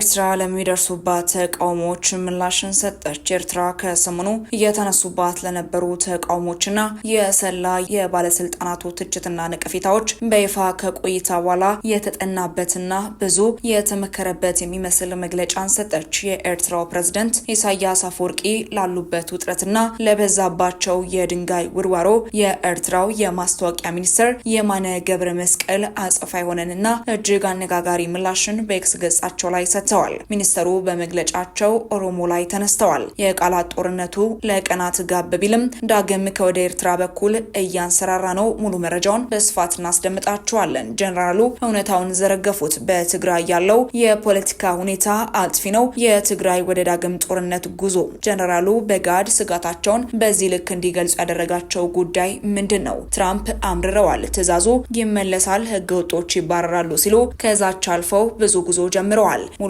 ኤርትራ ለሚደርሱባት ተቃውሞዎች ምላሽን ሰጠች። ኤርትራ ከሰሞኑ እየተነሱባት ለነበሩ ተቃውሞችና የሰላ የባለስልጣናቱ ትችትና ነቀፌታዎች በይፋ ከቆይታ በኋላ የተጠናበትና ብዙ የተመከረበት የሚመስል መግለጫን ሰጠች። የኤርትራው ፕሬዝደንት ኢሳያስ አፈወርቂ ላሉበት ውጥረትና ለበዛባቸው የድንጋይ ውርዋሮ የኤርትራው የማስታወቂያ ሚኒስትር የማነ ገብረ መስቀል አጸፋ የሆነንና እጅግ አነጋጋሪ ምላሽን በኤክስ ገጻቸው ላይ ሰጥተዋል። ሰጥተዋል። ሚኒስተሩ በመግለጫቸው ኦሮሞ ላይ ተነስተዋል። የቃላት ጦርነቱ ለቀናት ጋብ ቢልም ዳግም ከወደ ኤርትራ በኩል እያንሰራራ ነው። ሙሉ መረጃውን በስፋት እናስደምጣችኋለን። ጀኔራሉ እውነታውን ዘረገፉት። በትግራይ ያለው የፖለቲካ ሁኔታ አጥፊ ነው። የትግራይ ወደ ዳግም ጦርነት ጉዞ ጀኔራሉ በጋድ ስጋታቸውን በዚህ ልክ እንዲገልጹ ያደረጋቸው ጉዳይ ምንድን ነው? ትራምፕ አምርረዋል። ትዕዛዙ ይመለሳል፣ ህገ ወጦች ይባረራሉ ሲሉ ከዛች አልፈው ብዙ ጉዞ ጀምረዋል። ሙሉ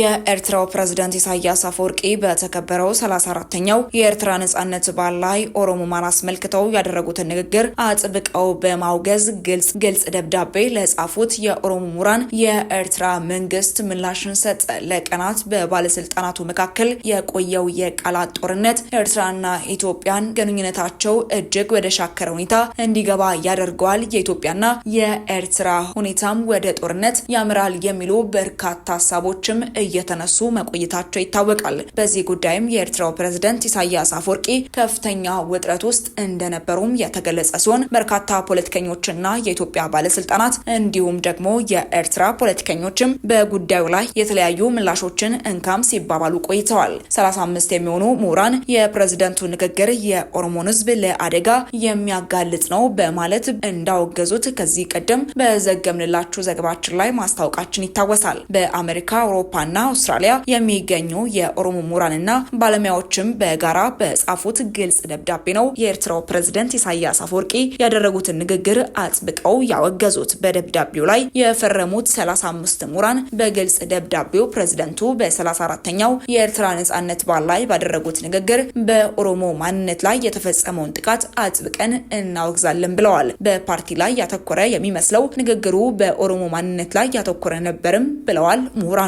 የኤርትራው ፕሬዝዳንት ኢሳያስ አፈወርቂ በተከበረው 34ተኛው የኤርትራ ነጻነት በዓል ላይ ኦሮሞማን አስመልክተው ያደረጉትን ንግግር አጥብቀው በማውገዝ ግልጽ ግልጽ ደብዳቤ ለጻፉት የኦሮሞ ምሁራን የኤርትራ መንግስት ምላሽን ሰጠ። ለቀናት በባለስልጣናቱ መካከል የቆየው የቃላት ጦርነት ኤርትራና ኢትዮጵያን ግንኙነታቸው እጅግ ወደ ሻከረ ሁኔታ እንዲገባ ያደርገዋል፣ የኢትዮጵያና የኤርትራ ሁኔታም ወደ ጦርነት ያምራል የሚሉ በርካታ ሀሳቦችም እየተነሱ መቆየታቸው ይታወቃል። በዚህ ጉዳይም የኤርትራው ፕሬዝደንት ኢሳያስ አፈወርቂ ከፍተኛ ውጥረት ውስጥ እንደነበሩም የተገለጸ ሲሆን በርካታ ፖለቲከኞችና የኢትዮጵያ ባለስልጣናት እንዲሁም ደግሞ የኤርትራ ፖለቲከኞችም በጉዳዩ ላይ የተለያዩ ምላሾችን እንካም ሲባባሉ ቆይተዋል። 35 የሚሆኑ ምሁራን የፕሬዝደንቱ ንግግር የኦሮሞን ህዝብ ለአደጋ የሚያጋልጥ ነው በማለት እንዳወገዙት ከዚህ ቀደም በዘገምንላችሁ ዘገባችን ላይ ማስታወቃችን ይታወሳል። በአሜሪካ አውሮፓ ኢትዮጵያና አውስትራሊያ የሚገኙ የኦሮሞ ምሁራንና ባለሙያዎችም በጋራ በጻፉት ግልጽ ደብዳቤ ነው የኤርትራው ፕሬዝደንት ኢሳያስ አፈወርቂ ያደረጉትን ንግግር አጥብቀው ያወገዙት። በደብዳቤው ላይ የፈረሙት 35 ምሁራን በግልጽ ደብዳቤው ፕሬዝደንቱ በ34ኛው የኤርትራ ነጻነት በዓል ላይ ባደረጉት ንግግር በኦሮሞ ማንነት ላይ የተፈጸመውን ጥቃት አጥብቀን እናወግዛለን ብለዋል። በፓርቲ ላይ ያተኮረ የሚመስለው ንግግሩ በኦሮሞ ማንነት ላይ ያተኮረ ነበርም ብለዋል ምሁራኑ።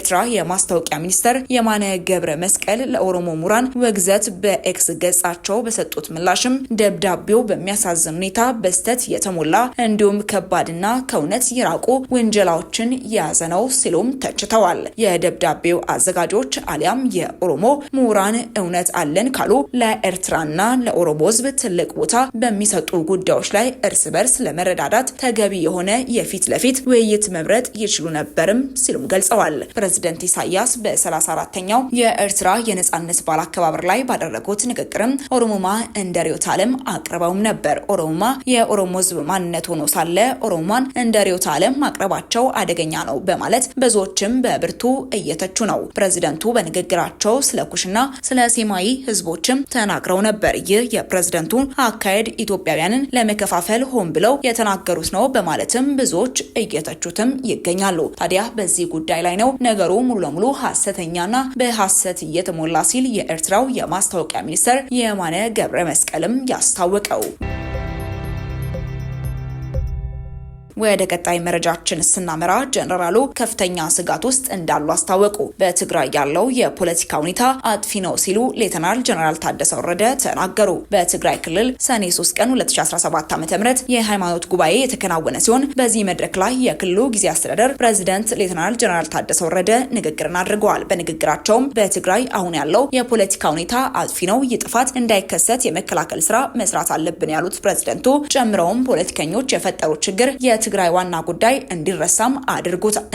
የኤርትራ የማስታወቂያ ሚኒስተር የማነ ገብረ መስቀል ለኦሮሞ ምሁራን ውግዘት በኤክስ ገጻቸው በሰጡት ምላሽም ደብዳቤው በሚያሳዝን ሁኔታ በስተት የተሞላ እንዲሁም ከባድና ከእውነት የራቁ ወንጀላዎችን የያዘ ነው ሲሉም ተችተዋል። የደብዳቤው አዘጋጆች አሊያም የኦሮሞ ምሁራን እውነት አለን ካሉ ለኤርትራና ለኦሮሞ ሕዝብ ትልቅ ቦታ በሚሰጡ ጉዳዮች ላይ እርስ በርስ ለመረዳዳት ተገቢ የሆነ የፊት ለፊት ውይይት መምረጥ ይችሉ ነበርም ሲሉም ገልጸዋል። ፕሬዝደንት ኢሳያስ በ34ተኛው የኤርትራ የነጻነት በዓል አከባበር ላይ ባደረጉት ንግግርም ኦሮሞማ እንደ ርዕዮተ ዓለም አቅርበውም ነበር። ኦሮሞማ የኦሮሞ ህዝብ ማንነት ሆኖ ሳለ ኦሮሞማን እንደ ርዕዮተ ዓለም ማቅረባቸው አደገኛ ነው በማለት ብዙዎችም በብርቱ እየተቹ ነው። ፕሬዚደንቱ በንግግራቸው ስለ ኩሽና፣ ስለ ሴማዊ ህዝቦችም ተናግረው ነበር። ይህ የፕሬዝደንቱ አካሄድ ኢትዮጵያውያንን ለመከፋፈል ሆን ብለው የተናገሩት ነው በማለትም ብዙዎች እየተቹትም ይገኛሉ። ታዲያ በዚህ ጉዳይ ላይ ነው ነገ ነገሩ ሙሉ ለሙሉ ሀሰተኛና በሀሰት እየተሞላ ሲል የኤርትራው የማስታወቂያ ሚኒስትር የማነ ገብረ መስቀልም ያስታወቀው ወደ ቀጣይ መረጃችን ስናመራ ጀነራሉ ከፍተኛ ስጋት ውስጥ እንዳሉ አስታወቁ። በትግራይ ያለው የፖለቲካ ሁኔታ አጥፊ ነው ሲሉ ሌተናል ጀነራል ታደሰ ወረደ ተናገሩ። በትግራይ ክልል ሰኔ 3 ቀን 2017 ዓ.ም የሃይማኖት ጉባኤ የተከናወነ ሲሆን በዚህ መድረክ ላይ የክልሉ ጊዜ አስተዳደር ፕሬዚደንት ሌተናል ጀነራል ታደሰ ወረደ ንግግርን አድርገዋል። በንግግራቸውም በትግራይ አሁን ያለው የፖለቲካ ሁኔታ አጥፊ ነው፣ ይህ ጥፋት እንዳይከሰት የመከላከል ስራ መስራት አለብን ያሉት ፕሬዚደንቱ ጨምረውም ፖለቲከኞች የፈጠሩት ችግር የት የትግራይ ዋና ጉዳይ እንዲረሳም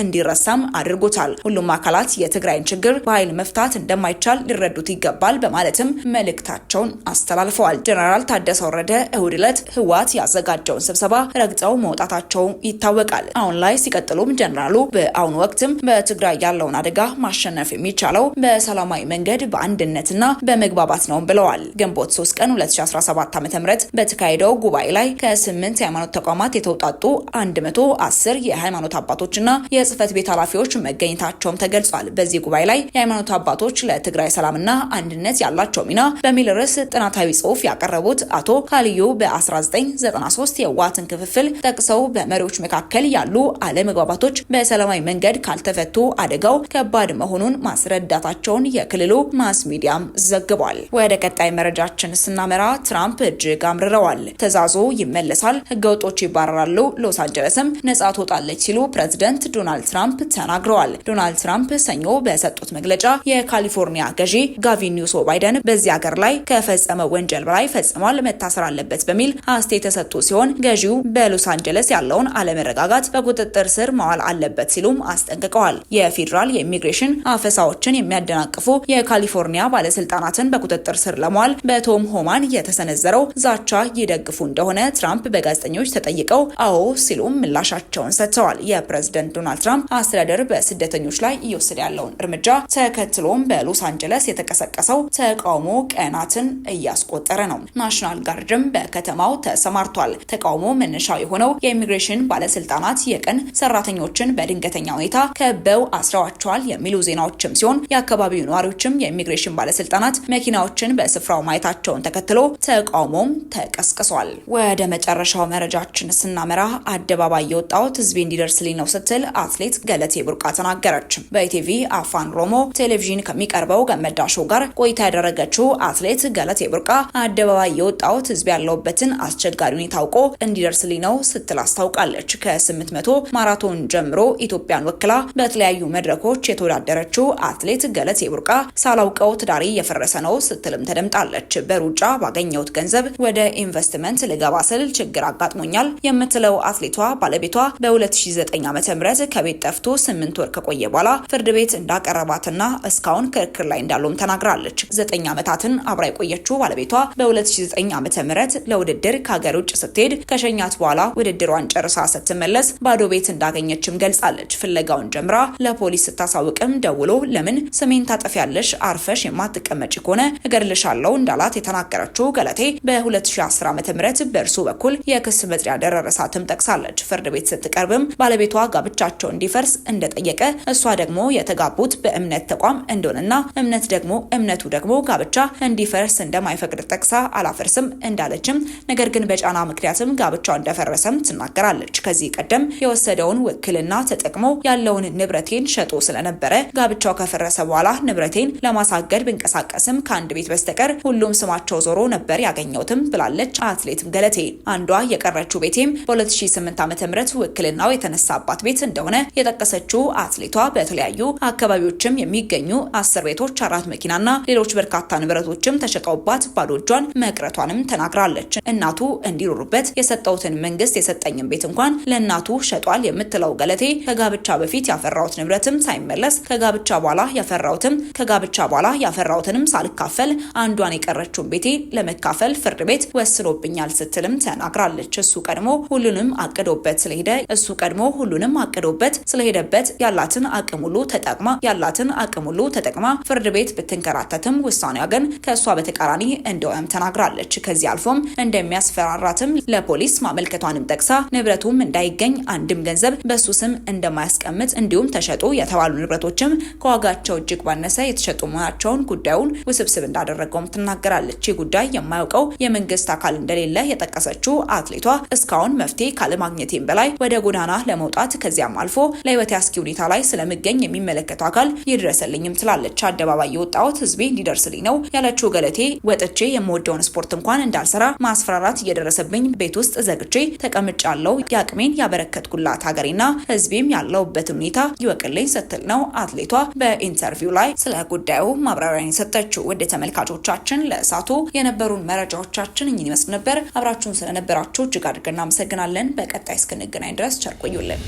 እንዲረሳም አድርጎታል። ሁሉም አካላት የትግራይን ችግር በኃይል መፍታት እንደማይቻል ሊረዱት ይገባል በማለትም መልእክታቸውን አስተላልፈዋል። ጀነራል ታደሰ ወረደ እሁድ ዕለት ህወሓት ያዘጋጀውን ስብሰባ ረግጠው መውጣታቸው ይታወቃል። አሁን ላይ ሲቀጥሉም ጀነራሉ በአሁኑ ወቅትም በትግራይ ያለውን አደጋ ማሸነፍ የሚቻለው በሰላማዊ መንገድ በአንድነትና በመግባባት ነው ብለዋል። ግንቦት 3 ቀን 2017 ዓ.ም በተካሄደው ጉባኤ ላይ ከስምንት የሃይማኖት ተቋማት የተውጣጡ 110 የሃይማኖት አባቶችና የጽህፈት ቤት ኃላፊዎች መገኘታቸውም ተገልጿል። በዚህ ጉባኤ ላይ የሃይማኖት አባቶች ለትግራይ ሰላምና አንድነት ያላቸው ሚና በሚል ርዕስ ጥናታዊ ጽሑፍ ያቀረቡት አቶ ካልዩ በ1993 የህወሓትን ክፍፍል ጠቅሰው በመሪዎች መካከል ያሉ አለመግባባቶች በሰላማዊ መንገድ ካልተፈቱ አደጋው ከባድ መሆኑን ማስረዳታቸውን የክልሉ ማስ ሚዲያም ዘግቧል። ወደ ቀጣይ መረጃችን ስናመራ ትራምፕ እጅግ አምርረዋል። ትዕዛዙ ይመለሳል፣ ህገወጦች ይባረራሉ፣ ሎስ ካልታጀበስም ነጻ ትወጣለች ሲሉ ፕሬዚደንት ዶናልድ ትራምፕ ተናግረዋል። ዶናልድ ትራምፕ ሰኞ በሰጡት መግለጫ የካሊፎርኒያ ገዢ ጋቪን ኒውሶ ባይደን በዚህ ሀገር ላይ ከፈጸመ ወንጀል በላይ ፈጽሟል፣ መታሰር አለበት በሚል አስተያየት የተሰጡ ሲሆን ገዢው በሎስ አንጀለስ ያለውን አለመረጋጋት በቁጥጥር ስር ማዋል አለበት ሲሉም አስጠንቅቀዋል። የፌዴራል የኢሚግሬሽን አፈሳዎችን የሚያደናቅፉ የካሊፎርኒያ ባለስልጣናትን በቁጥጥር ስር ለማዋል በቶም ሆማን የተሰነዘረው ዛቻ ይደግፉ እንደሆነ ትራምፕ በጋዜጠኞች ተጠይቀው አዎ ሲሉም ምላሻቸውን ሰጥተዋል። የፕሬዝደንት ዶናልድ ትራምፕ አስተዳደር በስደተኞች ላይ እየወሰደ ያለውን እርምጃ ተከትሎም በሎስ አንጀለስ የተቀሰቀሰው ተቃውሞ ቀናትን እያስቆጠረ ነው። ናሽናል ጋርድም በከተማው ተሰማርቷል። ተቃውሞ መነሻው የሆነው የኢሚግሬሽን ባለስልጣናት የቀን ሰራተኞችን በድንገተኛ ሁኔታ ከበው አስረዋቸዋል የሚሉ ዜናዎችም ሲሆን የአካባቢው ነዋሪዎችም የኢሚግሬሽን ባለስልጣናት መኪናዎችን በስፍራው ማየታቸውን ተከትሎ ተቃውሞም ተቀስቅሷል። ወደ መጨረሻው መረጃችን ስናመራ አደባባይ የወጣሁት ህዝቤ እንዲደርስልኝ ነው ስትል አትሌት ገለቴ ቡርቃ ተናገረች። በኢቲቪ አፋን ኦሮሞ ቴሌቪዥን ከሚቀርበው ገመዳ ሾው ጋር ቆይታ ያደረገችው አትሌት ገለቴ ቡርቃ አደባባይ የወጣሁት ህዝብ ያለውበትን አስቸጋሪ ሁኔታ አውቆ እንዲደርስልኝ ነው ስትል አስታውቃለች። ከስምንት መቶ ማራቶን ጀምሮ ኢትዮጵያን ወክላ በተለያዩ መድረኮች የተወዳደረችው አትሌት ገለቴ ቡርቃ ሳላውቀው ትዳሪ እየፈረሰ ነው ስትልም ተደምጣለች። በሩጫ ባገኘሁት ገንዘብ ወደ ኢንቨስትመንት ልገባ ስል ችግር አጋጥሞኛል የምትለው አትሌት ባለቤቷ ባለቤቷ በ2009 ዓ ም ከቤት ጠፍቶ ስምንት ወር ከቆየ በኋላ ፍርድ ቤት እንዳቀረባትና እስካሁን ክርክር ላይ እንዳለውም ተናግራለች። ዘጠኝ ዓመታትን አብራ የቆየችው ባለቤቷ በ2009 ዓ ም ለውድድር ከሀገር ውጭ ስትሄድ ከሸኛት በኋላ ውድድሯን ጨርሳ ስትመለስ ባዶ ቤት እንዳገኘችም ገልጻለች። ፍለጋውን ጀምራ ለፖሊስ ስታሳውቅም ደውሎ ለምን ስሜን ታጠፊያለሽ? አርፈሽ የማትቀመጭ ከሆነ እገድልሻለሁ እንዳላት የተናገረችው ገለቴ በ2010 ዓ ም በእርሱ በኩል የክስ መጥሪያ ደረረሳትም ጠቅሳለች። ትችላለች። ፍርድ ቤት ስትቀርብም ባለቤቷ ጋብቻቸው እንዲፈርስ እንደጠየቀ እሷ ደግሞ የተጋቡት በእምነት ተቋም እንደሆነና እምነት ደግሞ እምነቱ ደግሞ ጋብቻ እንዲፈርስ እንደማይፈቅድ ጠቅሳ አላፈርስም እንዳለችም፣ ነገር ግን በጫና ምክንያትም ጋብቻ እንደፈረሰም ትናገራለች። ከዚህ ቀደም የወሰደውን ውክልና ተጠቅሞ ያለውን ንብረቴን ሸጦ ስለነበረ ጋብቻው ከፈረሰ በኋላ ንብረቴን ለማሳገድ ብንቀሳቀስም ከአንድ ቤት በስተቀር ሁሉም ስማቸው ዞሮ ነበር ያገኘሁትም ብላለች። አትሌትም ገለቴ አንዷ የቀረችው ቤቴም በ2008 2018 ዓ.ም ውክልናው የተነሳባት ቤት እንደሆነ የጠቀሰችው አትሌቷ በተለያዩ አካባቢዎችም የሚገኙ አስር ቤቶች፣ አራት መኪናና ሌሎች በርካታ ንብረቶችም ተሸጠውባት ባዶ እጇን መቅረቷንም ተናግራለች። እናቱ እንዲኖሩበት የሰጠሁትን መንግስት የሰጠኝን ቤት እንኳን ለእናቱ ሸጧል የምትለው ገለቴ ከጋብቻ በፊት ያፈራሁት ንብረትም ሳይመለስ ከጋብቻ በኋላ ያፈራሁትም ከጋብቻ በኋላ ያፈራሁትንም ሳልካፈል አንዷን የቀረችውን ቤቴ ለመካፈል ፍርድ ቤት ወስኖብኛል ስትልም ተናግራለች። እሱ ቀድሞ ሁሉንም አቅዶ አቅዶበት ስለሄደ እሱ ቀድሞ ሁሉንም አቅዶበት ስለሄደበት ያላትን አቅም ሁሉ ተጠቅማ ያላትን አቅም ሁሉ ተጠቅማ ፍርድ ቤት ብትንከራተትም ውሳኔዋ ግን ከእሷ በተቃራኒ እንደሆነም ተናግራለች። ከዚህ አልፎም እንደሚያስፈራራትም ለፖሊስ ማመልከቷንም ጠቅሳ ንብረቱም እንዳይገኝ አንድም ገንዘብ በእሱ ስም እንደማያስቀምጥ እንዲሁም ተሸጡ የተባሉ ንብረቶችም ከዋጋቸው እጅግ ባነሰ የተሸጡ መሆናቸውን ጉዳዩን ውስብስብ እንዳደረገውም ትናገራለች። ይህ ጉዳይ የማያውቀው የመንግስት አካል እንደሌለ የጠቀሰችው አትሌቷ እስካሁን መፍትሄ ካለማ ከማግኘቴም በላይ ወደ ጎዳና ለመውጣት ከዚያም አልፎ ለህይወት አስጊ ሁኔታ ላይ ስለምገኝ የሚመለከተው አካል ይድረስልኝም ትላለች። አደባባይ የወጣሁት ህዝቤ እንዲደርስልኝ ነው ያለችው ገለቴ ወጥቼ የምወደውን ስፖርት እንኳን እንዳልሰራ ማስፈራራት እየደረሰብኝ ቤት ውስጥ ዘግቼ ያለው የአቅሜን ያበረከትኩላት ሀገሬና ህዝቤም ያለውበት ሁኔታ ይወቅልኝ ስትል ነው አትሌቷ በኢንተርቪው ላይ ስለ ጉዳዩ ማብራሪያን የሰጠችው። ወደ ተመልካቾቻችን ለእሳቱ የነበሩን መረጃዎቻችን እኝን ይመስል ነበር። አብራችሁን ስለነበራችሁ እጅግ አድርገን እናመሰግናለን። በቀ በቀጣይ እስክንገናኝ ድረስ ቸር ቆዩልን።